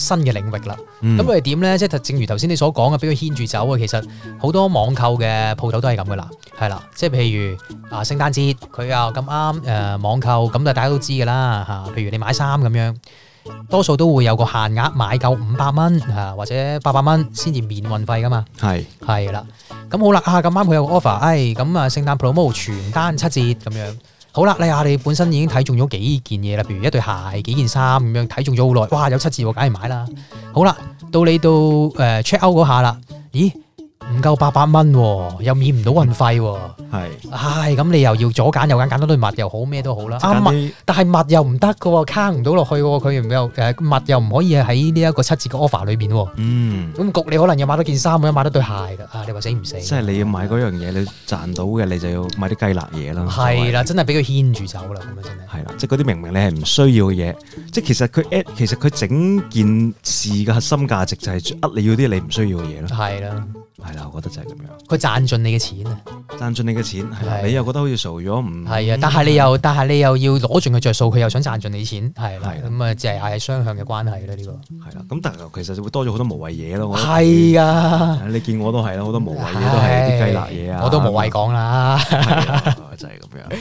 B: 新嘅領域啦，咁佢點咧？即係、嗯、正如頭先你所講嘅，俾佢牽住走啊！其實好多網購嘅鋪頭都係咁噶啦，係啦，即係譬如啊聖誕節佢又咁啱誒網購，咁就大家都知噶啦嚇，譬如你買衫咁樣，多數都會有個限額，買夠五百蚊嚇或者八百蚊先至免運費噶嘛，係係啦，咁好啦，啊咁啱佢有個 offer，哎咁、嗯、啊聖誕 promo 全單七折咁樣。好啦，你啊，你本身已經睇中咗幾件嘢啦，譬如一對鞋、幾件衫咁樣，睇中咗好耐，哇，有七字，我梗係買啦。好啦，到你到 check out 嗰下啦，咦？唔夠八百蚊喎，又免唔到運費喎。係是，唉，咁你又要左揀右揀，揀多對襪又好咩都好啦。但係襪又唔得嘅喎，卡唔到落去喎。佢又誒襪又唔可以喺呢一個七折嘅 offer 裏面喎。嗯，咁焗你可能又買多件衫，或者買多對鞋嘅、啊。你話死唔死？即係你要買嗰樣嘢，的你賺到嘅，你就要買啲雞肋嘢啦。係啦的以，真係俾佢牽住走啦，係咪先？
A: 係啦，即係嗰啲明明你係唔需要嘅嘢，即係其實佢其實佢整件事嘅核心價值就係呃你要啲你唔需要嘅嘢咯。係啦。係啦，
B: 我覺得就係咁樣。佢賺盡你嘅錢，你錢
A: 啊！賺盡你嘅錢，係你又覺得好似傻咗唔係啊？但係你又、
B: 啊、但係你又要攞盡佢着數，佢又想賺盡你錢，係
A: 啦。咁啊，即係係雙向嘅關係啦，呢個係啦。咁但係其實就會多咗好多無謂嘢咯。係
B: 啊，
A: 你見我都係咯，好多無謂嘢都係啲雞肋嘢啊。都啊我都無謂講啦，就係、是、咁樣。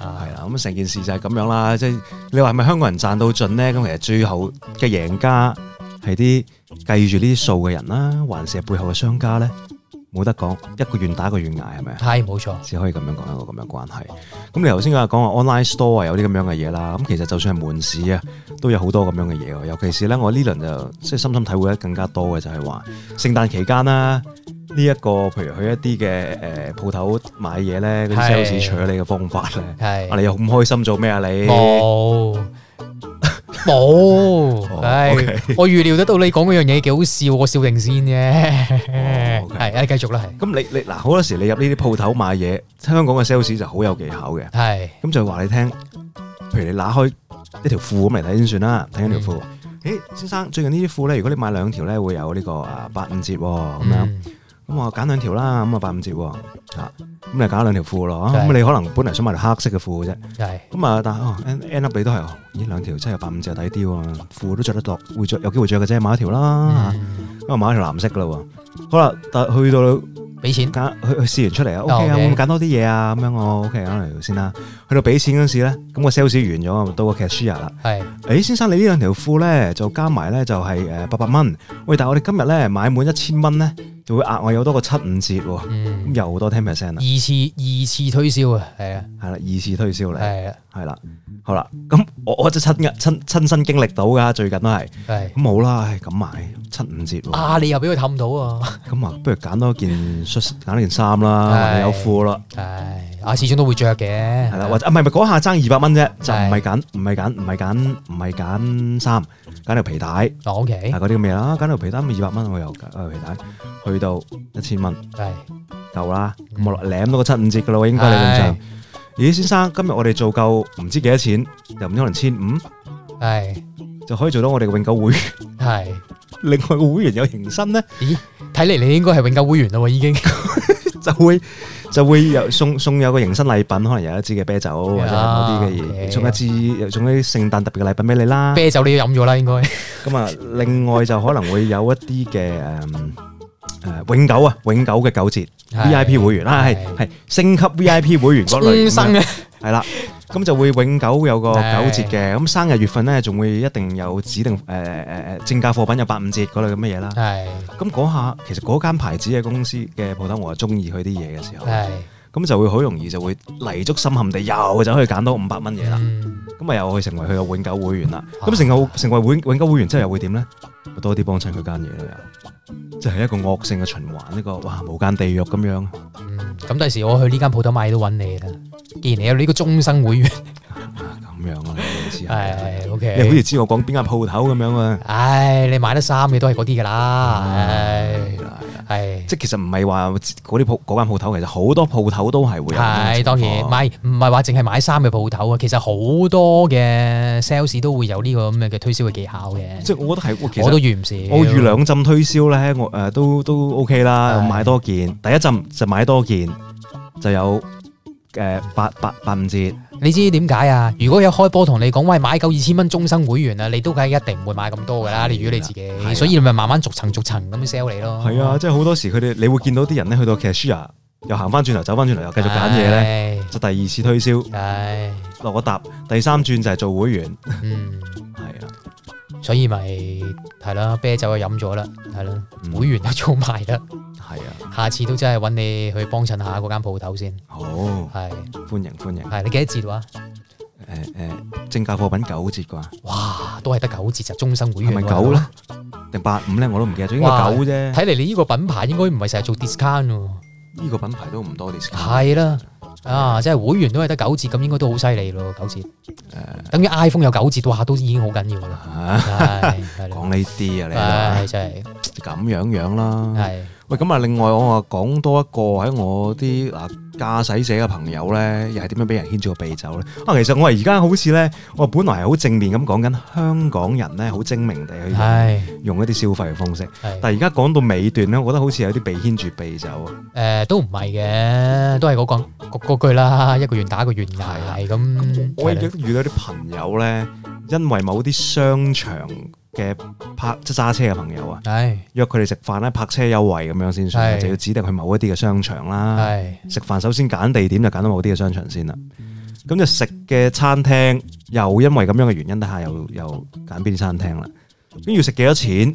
A: 係啦， 咁、啊、成件事就係咁樣啦。即、就、係、是、你話係咪香港人賺到盡呢？咁其實最後嘅贏家係啲。計住呢啲數嘅人啦，還是背後嘅商家咧，冇得講，一個願打一個願挨係咪啊？係，冇錯，只可以咁樣講一個咁樣關係。咁你頭先又講話 online store 啊，有啲咁樣嘅嘢啦。咁其實就算係門市啊，都有好多咁樣嘅嘢。尤其是咧，我呢輪就即係深深體會得更加多嘅就係話，聖誕期間啦，呢一個譬如去一啲嘅誒鋪頭買嘢咧，啲是 sales 取你嘅方法咧，係是，
B: 你又咁開心做咩啊你？你冇冇，我預料得到你講嗰樣嘢幾好笑，我笑定先啫。係、 哦，一、okay、繼續啦，係。
A: 咁你你嗱好多時你入呢啲鋪頭買嘢，香港嘅 sales 就好有技巧嘅，係是，咁就話你聽，譬如你攞開一條褲咁嚟睇先算啦，睇緊條褲，誒、嗯欸，先生最近呢啲褲咧，如果你買兩條咧，會有呢、這個啊八五折咁、哦、樣、嗯。咁我揀兩條啦，咁啊八五折吓，咁你揀咗兩條褲咯。咁的你可能本嚟想買條黑色嘅褲嘅啫，咁的啊但哦，end up 你都係，呢兩條真係有八五折又抵啲，褲都着得落，會着有機會着嘅啫，買一條啦吓。咁啊、嗯、買一條藍色噶啦，好啦，但去到俾錢去去試完出嚟啊，O K 啊，我咪揀多啲嘢啊，咁樣我 O K，咁嚟先啦。去到俾錢嗰時咧，咁個 sales 完咗啊，到個 cashier 啦，
B: 係誒、
A: 哎，先生你兩條褲呢兩條褲咧就加埋咧就係誒八百蚊，喂，但係我哋今日咧買滿一千蚊咧。會額外有多個七五折，咁、嗯、又好多聽 percent 啊。二次
B: 二次推銷
A: 啊，係啊，係啦，二次推銷嚟，係啊，係啦是的，好啦，咁我我即親親親身經歷到噶，最近都係，咁冇啦，咁買七五折，啊，你又
B: 俾佢氹到啊，咁啊，
A: 不如揀多件恤，揀多件衫啦，有褲啦，
B: 唉者，啊，始終都會着嘅，係啦的，或者唔
A: 係唔係嗰下爭二百蚊啫，就唔係揀，唔係揀，唔係揀，唔係揀衫。揀條皮帶，OK，嗱嗰啲咁嘅啦，揀條皮帶二百蚊，我又啊皮帶去到一千蚊，係夠啦，咁咪攬到個七五折噶啦，應該理論上。咦，先生今日我哋做夠唔知幾多錢，又唔可能千五，係就可以做到我哋嘅永久會員，係另外個會員有迎新咧。咦，睇嚟你應該係永久會員咯，已經。就會就會有送送有個迎新禮品，可能有一支嘅啤酒或者嗰啲嘅嘢，送一支又送一啲聖誕特別嘅禮品俾你啦。啤酒你要
B: 飲咗啦，應該。
A: 咁啊，另外就可能會有一啲嘅誒誒永久啊，永久嘅九折 VIP 會員啦，係係升級 VIP 會員嗰類型，係啦。咁就會永久有個九折嘅，咁是的 生日月份呢，仲會一定有指定誒誒誒正價貨品有八五折嗰類咁嘅嘢啦。係是的，咁講下其實嗰間牌子嘅公司嘅鋪頭我係中意佢啲嘢嘅時候。係。咁就會好容易就會泥足深陷地，就可以嗯、就又走去揀多五百蚊嘢啦。咁啊又去成為佢嘅永久會員啦。咁、啊、成後為,成為永久會員之後又會點咧？多啲幫襯佢間嘢啦，又即係一個惡性嘅循環，一、
B: 這個哇無
A: 間地獄咁樣。嗯，
B: 咁第時我去呢間鋪頭買嘢都揾你啦。既然你有呢個終生會員，咁、啊、樣啊，你知啊？係 OK。 你好似
A: 知我講邊間鋪頭咁樣啊？唉、
B: 哎，你買得衫嘅都係嗰啲噶啦，唉、哎。哎哎係，是即係其實唔係話嗰啲鋪嗰間鋪頭，其實好多鋪頭都係會有。係當然，買唔係話淨係買衫嘅鋪頭啊，其實好多嘅 sales 都會有呢個咁嘅嘅推銷嘅技巧嘅。即係我覺得係，我都遇唔少。我遇兩
A: 浸推銷咧，我誒、呃、都都 OK 啦，買多
B: 件。是第一浸就買多件就有。誒、呃，八八八五折，你知點解啊？如果有開波同你講喂，買夠二千蚊終身會員啦，你都梗係一定唔會買咁多噶啦，你的如果你自己，的所以你咪慢慢逐層逐層咁 sell 你咯。係啊，即
A: 係好多時佢哋你會見到啲人咧，去到 cash 又行翻轉頭，走翻轉頭又繼續揀嘢咧，的就第二次推銷，
B: 的落個搭，
A: 第三轉就係做會員。嗯。
B: 所以咪係啦，啤酒啊飲咗啦，係啦，嗯、會員都做埋啦，係啊，下次都真係揾你去幫襯下嗰間鋪頭先。好、哦，係歡迎歡迎。係你幾多折哇？
A: 誒誒、呃呃，正價貨品九折啩？哇，
B: 都係得九折就終身會員。係咪九咧、啊？定八五咧？我都唔記得咗，應該九啫。睇嚟你呢個品牌應該唔係成日做 discount 喎。呢個品牌都唔多 discount。係、嗯、啦。啊！即係會員都係得九折，咁應該都好犀利咯，九折。誒，等於 iPhone 有九折，哇！都已經好緊要啦。係係、啊，講呢啲啊，你。真係咁樣樣啦。係。的喂，咁啊，另外我話
A: 講多一個喺我啲啊。駕駛者嘅朋友咧，又係點樣俾人牽住個鼻走咧？啊，其實我而家好似咧，我本來係好正面咁講緊香港人咧，好精明地去用一啲消費嘅方式。的但係而家講到尾段咧，我覺得好似有啲被牽住鼻走。
B: 誒、呃，都唔係嘅，都係嗰、嗰個嗰個嗰個、句啦，一個願打一個願挨。係咁的。樣我已經
A: 遇到啲朋友咧，因為某啲商場。嘅泊即揸車嘅朋友啊，的約佢哋食飯咧，泊車優惠咁樣先算，的就要指定去某一啲嘅商場啦。食的飯首先揀地點就揀到某啲嘅商場先啦。咁的就食嘅餐廳又因為咁樣嘅原因，底下又又揀邊啲餐廳啦。咁要食幾多錢？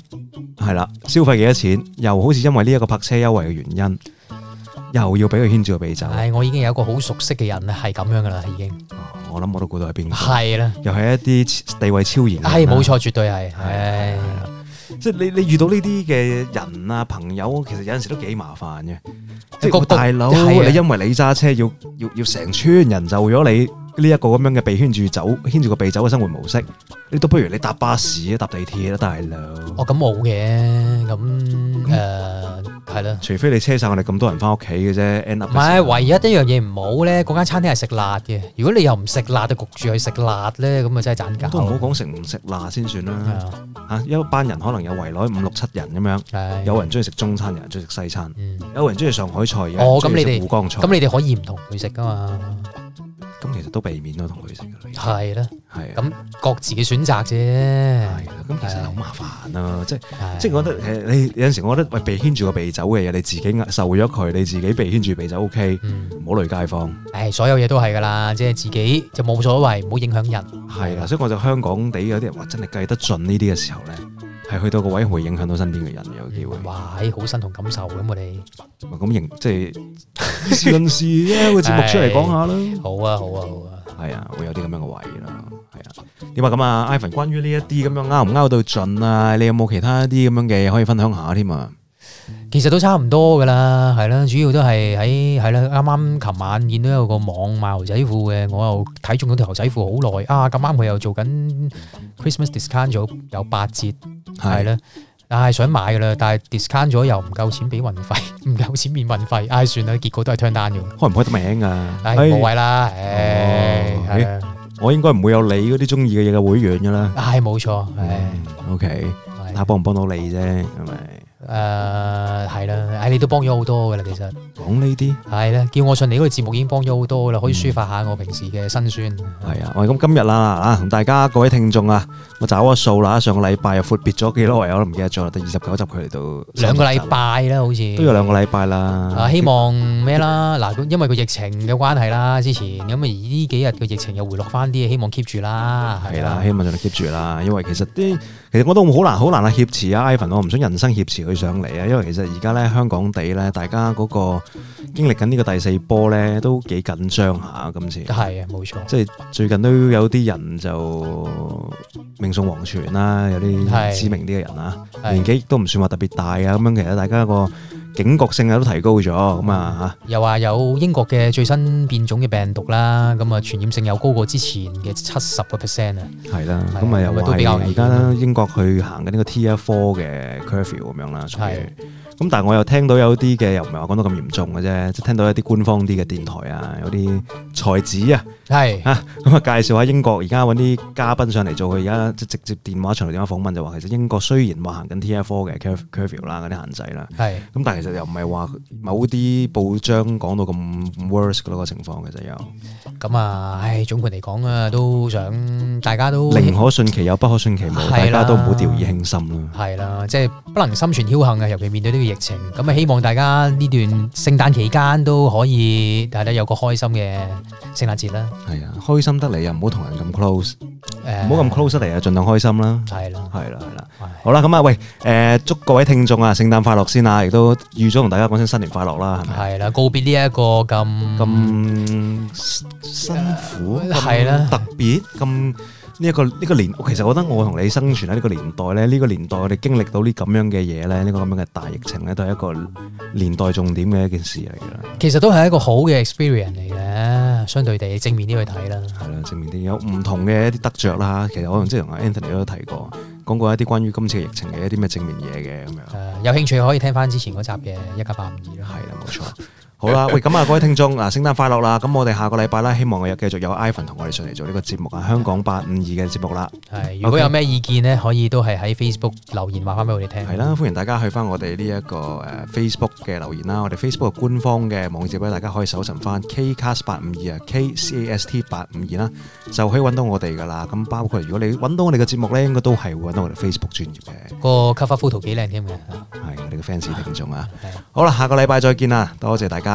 A: 係啦，消費幾多錢？又好似因為呢一個泊車優惠嘅原因。又要俾佢牽住個鼻走，係
B: 我已經有一個好熟悉嘅人係咁樣噶啦，已經。我諗我都估到係邊個。係啦，
A: 又係一啲地位超然。係，冇錯，
B: 絕對係。係，
A: 即係你你遇到呢啲嘅人啊朋友，其實有陣時都幾麻煩嘅。即係個大佬，你因為你揸車要要要成村人就咗你呢一個咁樣嘅被牽住走、牽住個鼻走嘅生活模式，你都不如你搭巴士、搭地鐵啦，大
B: 佬。哦，咁冇嘅，咁誒。係啦，對除非你車曬
A: 我哋咁多人返屋企嘅啫。唔係，唯
B: 一一樣嘢唔好咧，嗰間餐廳係食辣嘅。如果你又唔食辣，就焗住去食辣咧，咁啊真係賺㗎。都唔好講食唔食辣先算啦。
A: 嚇，對了 一班人可能有圍內五六七人咁樣，有人中意食中餐，有人中意食西餐，對
B: 了 有人中意上海菜，有人中意湖江菜。咁、哦、你哋可以唔同佢食噶嘛？咁其實都避免咯，同佢食。係咯的，係咁各自嘅選擇啫。係啦，咁其實好麻煩啊。的即係的即係
A: 我覺得誒，你有陣時我覺得喂，被牽住個鼻走嘅嘢，你自己受咗佢，你自己被牽住鼻走，OK，唔好累街坊。
B: 誒、哎，所有嘢都係噶啦，即係自己就冇所謂，唔好影響人。
A: 係啦，所以我就香港地有啲人話真係計得盡呢啲嘅時候咧。係去到個位，會影響到身邊嘅人，有機會。哇，
B: 好身同感受咁我哋。
A: 咁即係事論事啫，個節目出嚟講下
B: 啦，哎。好啊，好啊，好
A: 啊。係啊，會有啲咁樣嘅位啦。係啊。點啊？咁啊，Ivan，關於呢一啲咁樣，拗唔拗到盡
B: 啊？你有冇其他一啲咁樣嘅可以分享下添啊？其實都差唔多噶啦，係啦，主要都係喺係啦。啱啱琴晚見到有個網賣牛仔褲嘅，我又睇中咗條牛仔褲好耐。啊，咁啱佢又做緊 Christmas discount 咗，有八折，係啦。但係想買噶啦，但係 discount 咗又唔夠錢俾運費，唔夠錢免運費。唉，算啦，結果都係 turn down 咗。開唔開得
A: 名啊？唉，無謂啦。唉，我應該唔會有你嗰啲中意嘅嘢嘅會員噶啦。
B: 係冇錯。唉
A: ，OK，睇下幫唔幫到你啫，係咪？
B: 誒，係啦，呃，誒，你都幫咗好多㗎啦，其實。講呢啲係咧，叫我上你嗰個節目已經幫咗好多噶啦，可以抒發下我平時嘅辛酸。
A: 係啊、嗯嗯，我、嗯、咁今日啦吓，同大家各位聽眾啊，我找個數啦，上個禮拜又闊別咗幾多位，我都唔記得咗，第二十九集佢嚟到兩個禮
B: 拜啦，好似都有兩個
A: 禮拜啦、啊。希望
B: 咩啦？嗱，嗯、因為個疫情嘅關係啦，之前咁啊呢幾日個疫情又回落翻啲，希望 keep 住啦。係啦，希
A: 望仲要 keep 住啦，因為其實啲，其實我都好難好難啊挾持啊 Ivan 我唔想人生挾持佢上嚟啊，因為其實而家咧香港地咧，大家嗰、那個。經歷緊呢個第四波咧，都幾緊張吓。今次係啊，
B: 冇錯。錯，即係
A: 最近都有啲人就命送黃泉啦、啊，有啲知名啲嘅人啊，的年紀都唔算話特別大啊。咁樣其實大家個警覺性啊都提高咗。咁啊吓，
B: 又話有英國嘅最新變種嘅病毒啦，咁啊傳染性又高過之前嘅七十個 percent 啊。係啦的，咁咪又話而家
A: 英國去行緊呢個 Tier Four 嘅 Curfew 咁樣啦、啊。係。咁但係我又聽到有啲嘅又唔係話講到咁嚴重嘅啫，即係聽到一啲官方啲嘅電台啊，有啲才子啊，係咁是啊、嗯、介紹下英國而家揾啲嘉賓上嚟做，佢而家即直接電話長途電話訪問就話，其實英國雖然話行緊 T F o 嘅 curfew 啦嗰啲限制啦，係咁是但係其實又唔係話某啲報章講到咁 worse 嗰個情況其實又
B: 咁啊，唉總括嚟講啊，都想大家都寧可信
A: 其有不可信其無，的大家都唔好掉以輕
B: 心咯、啊。係啦，即、就、係、是、不能心存僥倖啊，尤其面對呢。疫情咁啊，希望大家呢段聖誕期間都可以，大家有個開心嘅聖誕節啦。係啊，
A: 開心得嚟又唔好同人咁 close，誒，唔好咁 close 得嚟啊，盡量開心啦。係啦，係啦，係啦。好啦，咁啊，喂，誒，祝各位聽眾啊，聖誕快樂先啦，亦都預咗同大家講聲新年快樂啦，係咪？
B: 係啦，告別呢一個咁咁辛苦，係啦，
A: 特別咁。呢一個呢個年，其實我覺得我同你生存喺呢個年代咧，呢個年代我哋經歷到呢咁樣嘅嘢咧，呢個咁樣嘅大疫情咧，都係一個年代重點嘅一件事嚟
B: 嘅。其實都係一個好嘅 experience 嚟嘅，相對地正面啲去睇啦。係啦，正
A: 面啲有唔同嘅一啲得着啦。其實我同即係同 Anthony 都有提過，講過一啲關於今次疫情嘅一啲咩正面嘢嘅咁樣。
B: 有興趣可以聽翻之前嗰集嘅一家八五二咯。係啦，冇錯。 好啦，喂，咁啊，各位聽
A: 眾，啊，聖誕快樂啦！咁我哋下個禮拜啦，希望我有繼續有 Ivan 同我哋上嚟做呢個節目啊，香港八五二嘅節目啦。
B: 係，如果有咩意見呢，可以都係喺
A: Facebook 留
B: 言話翻俾我哋聽。係啦，歡
A: 迎大家去翻我哋呢一個誒 Facebook 嘅留言啦，我哋 Facebook 官方嘅網址咧，大家可以搜尋翻 Kcast 八五二啊，K C A S T 八五二啦，就可以揾到我哋噶啦。咁包括如果你揾到我哋嘅節目呢，應該都係會揾到我哋 Facebook 專頁嘅。
B: 個 cover photo 幾靚添嘅，
A: 係我哋嘅 fans 聽眾啊。好啦，下個禮拜再見啦，多謝大家。